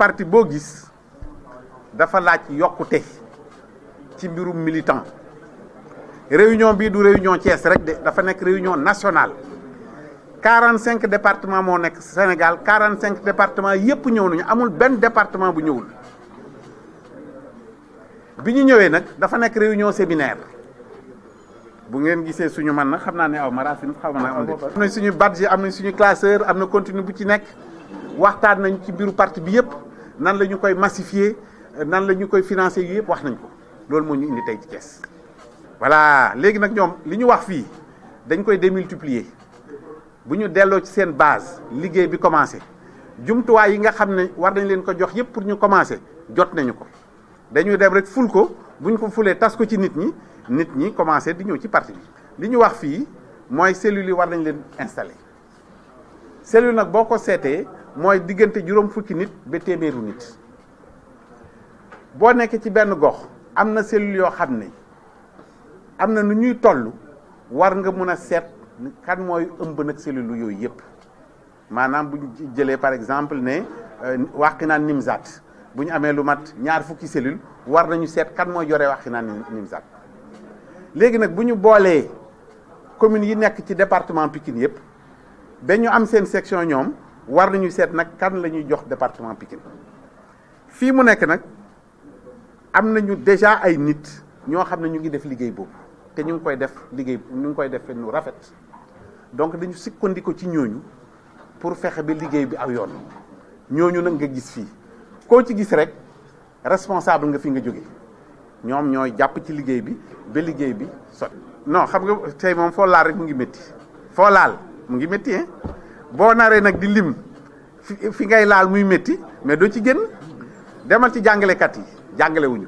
parti bo gis dafa laaj yokkute ci mbirum militant réunion bi du réunion Thiès rek de dafa nek réunion nationale quarante cinq mo nek Sénégal quarante cinq yépp ñëw nañu amul ben département bu ñëwul biñu ñëwé nak dafa nek réunion séminaire bu ngeen gisee suñu man nag xam naa aw maracin xamna ma naa am nañ suñu badge amna suñu classeur amna continue bu ci nek waxtaan nañ ci mbiru parti bi yépp nan la ñu koy massifier nan la ñu koy financer yu yëpp wax nañ ko loolu moo ñu indi tey ci Thiès voilà léegi nag ñoom li ñu wax fii dañ koy démultiplier bu ñu delloo ci seen base liggéey bi commencé jumtuwaay yi nga xam ne war nañ leen ko jox yëpp pour ñu commencé jot nañu ko dañuy dem rek ful ko buñ ko fulee tas ko ci nit ñi nit ñi commencé di ñëw ci parti bi li ñu wax fii mooy cellules yi war nañ leen installé cellule nag boo ko seetee mooy diggante juróom fukki nit ba téeméeru nit boo nekkee ci benn gox am na cellule yoo xam ne am na nu ñuy toll war nga mun a seet kan mooy ëmb nag cellule yooyu yëpp maanaam bu ñu jëlee par exemple ne euh, Wakhinane Nimzatt bu ñu amee lu mat ñaar fukki cellule war nañu seet kan mooy yore Wakhinane Nimzatt léegi nag bu ñu boolee communes yi nekk ci département Pikine yëpp ba ñu am seen section ñoom. war nañu seet nag kan lañuy jox département Pikine fii mu nekk nag am nañu déjà ay nit ñoo xam ne ñu ngi def liggéey boobu te ñu ngi koy def liggéey ñu ngi koy def nu rafet donc dañu sukkandiku ci ñooñu pour fexe ba liggéey bi aw yoon ñooñu nag nga gis fii koo ci gis rek responsable nga fi nga jóge ñoom ñooy jàpp ci liggéey bi ba liggéey bi sotti non xam nga tey moom foo laal rek mu ngi métti foo laal mu ngi métti hein boo naree nag di lim fi ngay laal muy métti mais doo ci génn demal ci jàngalekat yi jàngale wuñu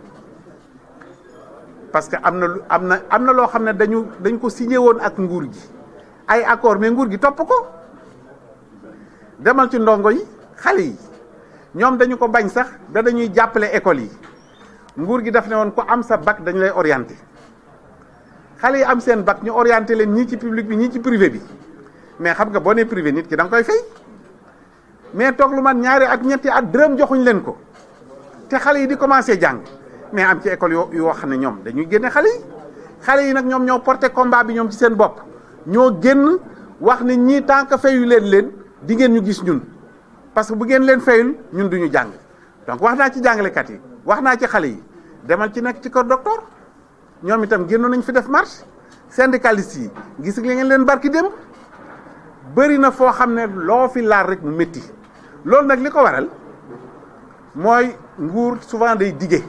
parce que am na am na am dañu dañ ko signé won ak nguur gi ay accord mais nguur gi topp ko demal ci ndongo yi xale yi ñoom dañu ko bañ sax da dañuy jàppale école yi nguur gi daf ne ko am sa bac lay yi am bac ñu ci public bi ñii ci privé bi mais xam nga boo nee privé nit ki da nga koy fay mais toog lu man ñaari at ñetti at dërëm joxuñ leen ko te xale yi di commencé jàng mais am ci école yoo yoo xam ne ñoom dañuy génne xale yi xale yi nag ñoom ñoo porté combat bi ñoom ci seen bopp ñoo génn wax ne ñii tant que fayu leen leen di ngeen ñu gis ñun parce que bu ngeen leen fayul ñun duñu jàng donc wax naa ci jàngalekat yi wax naa ci xale yi demal ci nekk ci kër docteur ñoom itam génnu nañ fi def marche syndicaliste yi gis nga ngeen leen barki démb bëri na foo xam ne loo fi laal rek mu métti loolu nag li ko waral mooy nguur souvent day dige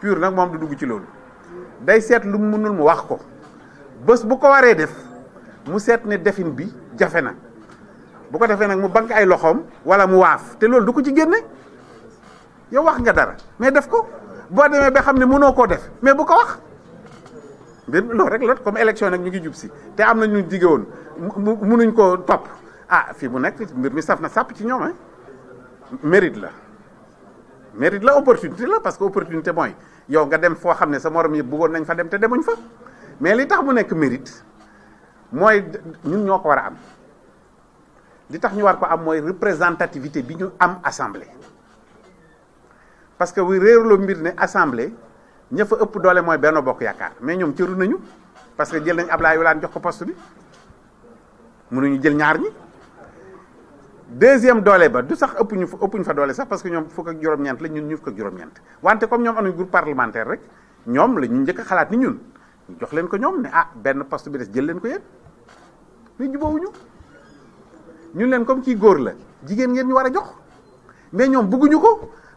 pur nag moom du dugg ci loolu day seet lu mënul mu wax ko bés bu ko waree def mu seet ne defin bi jafe na bu ko defee nag mu bank ay loxoom wala mu waaf te loolu du ko ci yow wax nga dara mais def ko boo demee ba ne mais bu ko wax comme rek comme élection ñu ngi ah fi mu nekk mi na ci hein? mérite la mérite la opportunité parce que opportunité yow nga dem sa morom nañ fa dem mais li tax mu mérite mooy ñun a am li tax ñu am représentativité bi ñu am assemblée parce que wu mbir ne assemblée ña fa ëpp doole mooy benn bokk yaakaar mais ñoom cëru nañu parce que jël nañ Ablaye Wilane jox ko poste bi mënuñu jël ñaar ñi deuxième doole ba du sax ëpp ñu fa ëpp ñu fa doole sax parce que ñoom fukk ak juróom ñent la ñun ñu fukk ak juróom ñent wante comme ñoom amuñ groupe parlementaire rek ñoom la ñu njëkk xalaat ni ñun ñu jox leen ko ñoom ne ah benn poste bi des jël leen ko yéen mais jubóowuñu ñun leen comme ki góor la jigéen ngeen ñu war a jox mais ñoom bëgguñu ko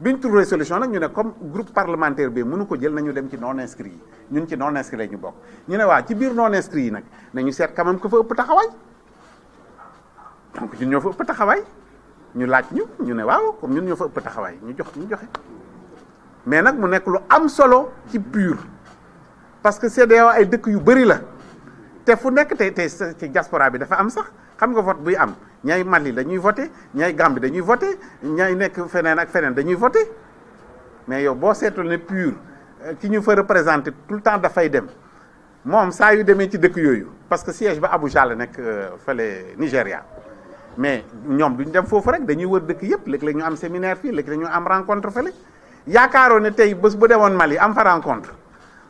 bi ñu trouvé solution nag ñu ne comme groupe parlementaire bi mënu ko jël nañu dem ci non inscrit yi ñun ci non inscrit la ñu bokk ñu ne waa ci biir non inscrit yi nag nañu seet quand même ku fa ëpp taxawaay donc taxawaay ñu laaj ñu ñu ne waaw comme ñun ñoo fa ëpp taxawaay ñu jox ñu joxe mais nag mu nekk lu am solo ci pur parce que CEDEAO ay dëkk yu bëri la te fu nekk tey tey ci diaspora bi dafa am sax xam nga vote buy am ñay Mali dañuy voté ñay Gambie dañuy voté ñay nek fenen ak fenen dañuy voté mais yow bo seetul ne pur euh, ki ñu fa représenter tout le temps fay dem mom sa yu demee ci dëkk yoyu parce que siège ba Abuja la nek euh, fële Nigéria mais ñom duñ dem fofu rek dañuy wër dëkk yëpp léeg-léeg ñu am séminaire fi léeg-léeg ñu am rencontre fële yaakaaro ne tay bëss bu demoon Mali am fa rencontre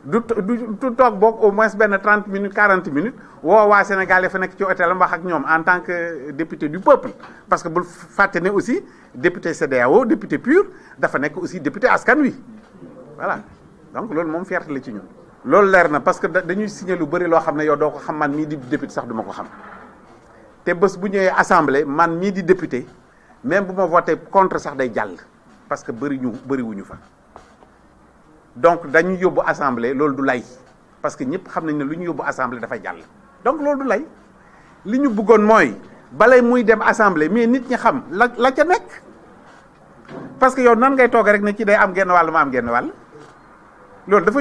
tout du toog au moins benn minutes 40 minutes woo Sénégal en tant que député du peuple parce que bul fàtte aussi député CDAO député pur dafa nekk aussi député askan voilà donc loolu moom fierté ci ñun. parce que dañuy signé ne député sax ko xam assemblée man di député même bu ma voté contre sax day parce que ñu donc dañuy yóbbu assemblée loolu du lay parce que ñëpp xam nañ nous lu ñu yóbbu assemblée donc loolu du lay li ñu bëggoon balay muy dem assemblée mais nit ñi xam la ca parce que yow nan ngay rek ci day am genn am genn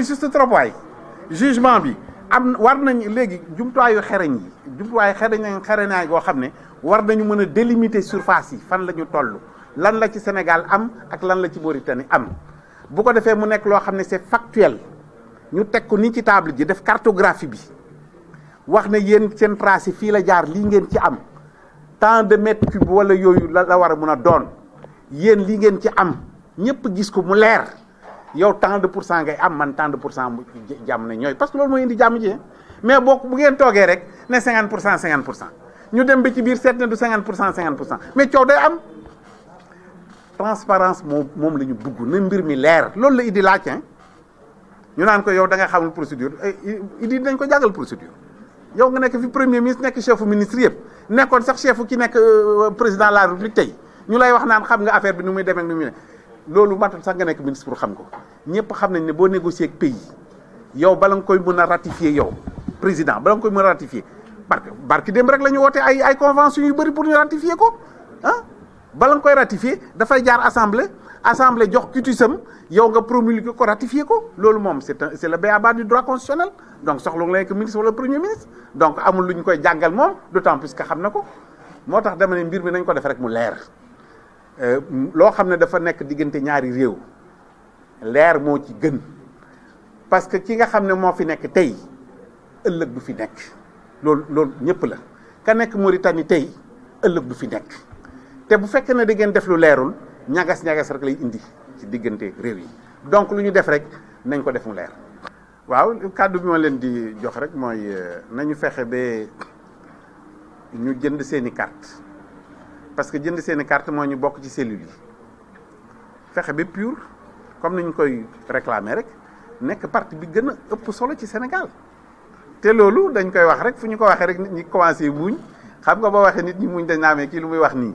juste trop jugement bi am war nañ léegi war délimiter surface yi fan la ñu Sénégal am ak lan la ci am bu ko defee mu nekk loo xam ne c'est factuel ñu teg ko nii ci table ji def cartographie bi wax ne yéen seen tracé yi fii la jaar lii ngeen ci am tant de mètre cube wala yooyu la la war a mun a doon yéen lii ngeen ci am ñëpp gis ko mu leer yow tant de pour cent ngay am man tant de pour cent mu jàmm ne ñooy parce que loolu mooy indi jàmm ji hein. mais boo bu ngeen toogee rek ne 50 pour cent cinquante pour cent ñu dem ba ci biir seet ne du 50 pour cent cinquante pour cent mais coow day am transparence mom mom lañu ñu bugg na mbir mi leer loolu la Idi laaj hein? ñu naan ko yow da nga xamul procédure eh, Idi dañ ko jàngal procédure yow nga nekk fi premier ministre nekk chef ministre yëpp nekkoon sax chef ki nekk euh, président de la république tey ñu lay wax naan xam nga affaire bi nu muy demee nu muy ne loolu matul sax nga nekk ministre pour xam ko ñëpp xam nañ ne boo négocier ak pays yow bala nga koy mën a ratifier yow président bala nga koy mën a ratifier barki barke dem rek la ñu woote ay ay convention yu bëri pour ñu ratifier ko ah balang koy ratifier da fay jaar assemblée assemblée jox cutisam yow nga promulguer ko ratifié ko lolou mom c'est c'est le ba du droit constitutionnel donc soxlo nga nekk ministre wala premier ministre donc amul luñ koy jangal mom d'autant plus que xam na ko moo dama ne mbir bi nañ ko def rek mu leer euh lo ne dafa nek digënté ñaari réew leer mo ci gën parce que ki nga xam mo fi nek tay ëllëg du fi nek loolu loolu ñëpp la ka nek Mauritanie tay ëllëg du fi nek te bu fekkee ne da ngeen def lu leerul ñagas ñagas rek lay indi ci diggante réew yi donc lu ñu def rek nañ ko def mu leer waaw kàddu bi ma leen di jox rek mooy euh, nañu fexe ba ñu jënd seeni carte parce que jënd seeni carte moo ñu bokk ci cellule yi fexe ba pure comme ni koy réclamer rek nekk parti bi gën a ëpp solo ci Sénégal te loolu dañ koy wax rek fu ñu ko waxee rek nit ñi commencé muñ xam nga ba waxee nit ñi muñ dañ naa kii lu muy wax nii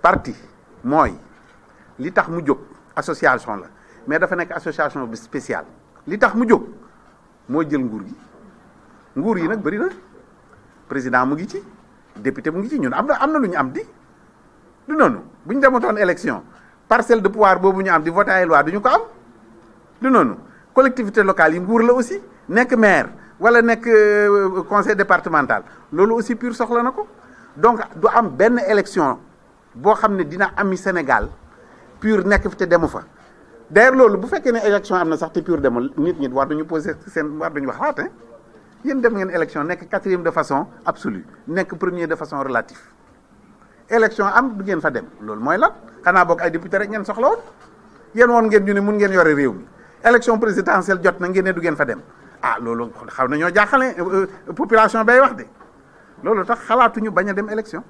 parti moy li tax mu jóg association la mais dafa nek association bi spéciale li tax mu jóg mo jël nguur gi nguur yi nak bari na président mu ngi ci député mu ngi ci ñun amna na am am di du noonu buñu élection parcelle de pouvoir bobu ñu am di voter ay loi du ko am du noonu collectivité locale yi nguur la aussi nek maire wala nek euh, conseil départemental lolu aussi pur soxla na ko donc du am ben élection boo xam ne dina ami Sénégal pur nekk fi te demu fa d'ailleurs loolu bu fekkee ne élection am na sax te pur demul nit ñi war duñu poser seen war duñu wax laata hein. yéen dem ngeen élection nekk quatrième de façon absolue nekk premier de façon relative élection am du ngeen fa dem loolu mooy lan xanaa bokk ay député rek ngeen soxla woon yéen woon ngeen ñu ne mun ngeen yore réew mi élection présidentielle jot na ngeen ne du ngeen fa dem ah loolu xaw na ñoo jaaxale euh, euh, population bay wax de loolu tax xalaatuñu bañ a dem élection